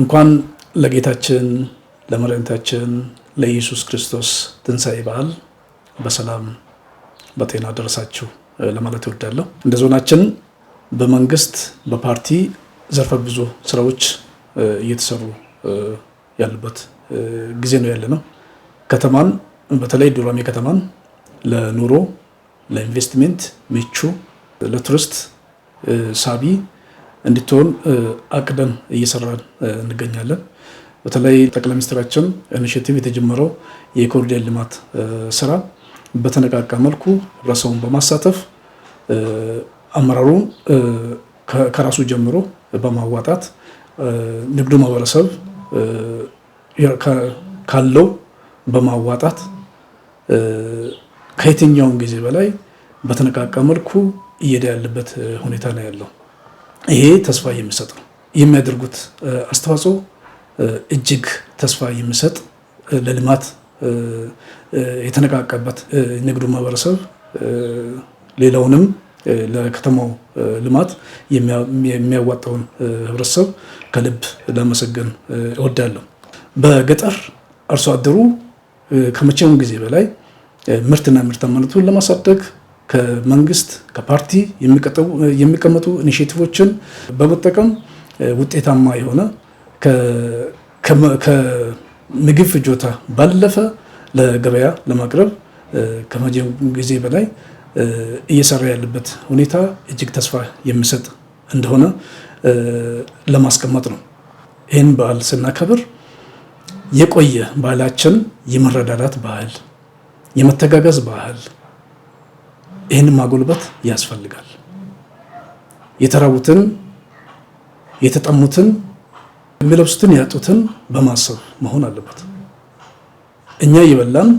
እንኳን ለጌታችን ለመድኃኒታችን ለኢየሱስ ክርስቶስ ትንሣኤ በዓል በሰላም በጤና ደረሳችሁ ለማለት እወዳለሁ። እንደ ዞናችን በመንግስት በፓርቲ ዘርፈ ብዙ ስራዎች እየተሰሩ ያሉበት ጊዜ ነው ያለ ነው። ከተማን በተለይ ዱራሜ ከተማን ለኑሮ ለኢንቨስትሜንት ምቹ ለቱሪስት ሳቢ እንድትሆን አቅደን እየሰራን እንገኛለን። በተለይ ጠቅላይ ሚኒስትራችን ኢኒሽቲቭ የተጀመረው የኮሪደር ልማት ስራ በተነቃቃ መልኩ ህብረተሰቡን በማሳተፍ አመራሩን ከራሱ ጀምሮ በማዋጣት ንግዱ ማህበረሰብ ካለው በማዋጣት ከየትኛውም ጊዜ በላይ በተነቃቃ መልኩ እየሄደ ያለበት ሁኔታ ነው ያለው። ይሄ ተስፋ የሚሰጥ ነው። የሚያደርጉት አስተዋጽኦ እጅግ ተስፋ የሚሰጥ ለልማት የተነቃቀበት ንግዱ ማህበረሰብ ሌላውንም ለከተማው ልማት የሚያዋጣውን ህብረተሰብ ከልብ ለመሰገን እወዳለሁ። በገጠር አርሶ አደሩ ከመቼውም ጊዜ በላይ ምርትና ምርታማነቱን ለማሳደግ ከመንግስት ከፓርቲ የሚቀመጡ ኢኒሽቲቮችን በመጠቀም ውጤታማ የሆነ ከምግብ ፍጆታ ባለፈ ለገበያ ለማቅረብ ከመቼው ጊዜ በላይ እየሰራ ያለበት ሁኔታ እጅግ ተስፋ የሚሰጥ እንደሆነ ለማስቀመጥ ነው። ይህን በዓል ስናከብር የቆየ ባህላችን የመረዳዳት ባህል፣ የመተጋገዝ ባህል ይህንን ማጎልበት ያስፈልጋል። የተራቡትን፣ የተጠሙትን፣ የሚለብሱትን ያጡትን በማሰብ መሆን አለበት። እኛ እየበላን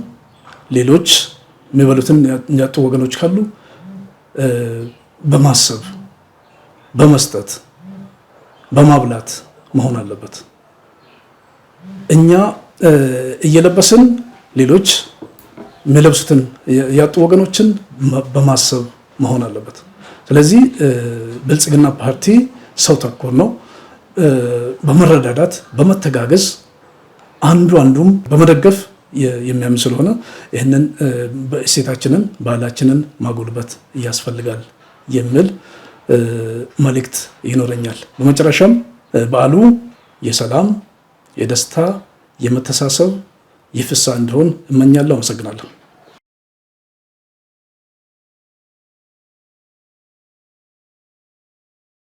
ሌሎች የሚበሉትን ያጡ ወገኖች ካሉ በማሰብ በመስጠት በማብላት መሆን አለበት። እኛ እየለበስን ሌሎች የሚለብሱትን ያጡ ወገኖችን በማሰብ መሆን አለበት። ስለዚህ ብልጽግና ፓርቲ ሰው ተኮር ነው። በመረዳዳት በመተጋገዝ አንዱ አንዱም በመደገፍ የሚያምን ስለሆነ ይህንን እሴታችንን ባህላችንን ማጎልበት ያስፈልጋል የሚል መልእክት ይኖረኛል። በመጨረሻም በዓሉ የሰላም፣ የደስታ፣ የመተሳሰብ ይፍሳ ፍሳ እንደሆን እመኛለሁ። አመሰግናለሁ።